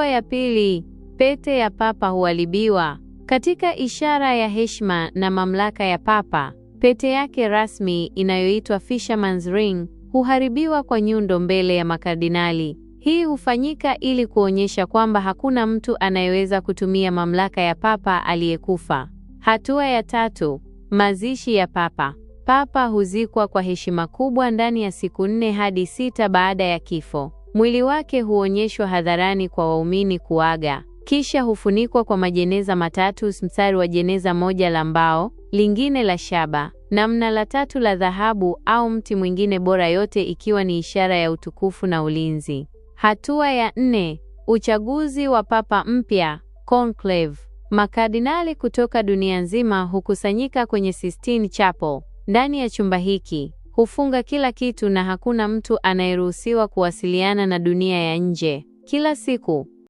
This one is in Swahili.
Hatua ya pili, pete ya papa huharibiwa. Katika ishara ya heshima na mamlaka ya papa, pete yake rasmi inayoitwa Fisherman's Ring huharibiwa kwa nyundo mbele ya makardinali. Hii hufanyika ili kuonyesha kwamba hakuna mtu anayeweza kutumia mamlaka ya papa aliyekufa. Hatua ya tatu, mazishi ya papa. Papa huzikwa kwa heshima kubwa ndani ya siku nne hadi sita baada ya kifo. Mwili wake huonyeshwa hadharani kwa waumini kuaga, kisha hufunikwa kwa majeneza matatu, mstari wa jeneza moja la mbao, lingine la shaba, namna la tatu la dhahabu au mti mwingine bora, yote ikiwa ni ishara ya utukufu na ulinzi. Hatua ya nne: uchaguzi wa papa mpya, conclave. Makardinali kutoka dunia nzima hukusanyika kwenye Sistine Chapel. Ndani ya chumba hiki hufunga kila kitu na hakuna mtu anayeruhusiwa kuwasiliana na dunia ya nje. Kila siku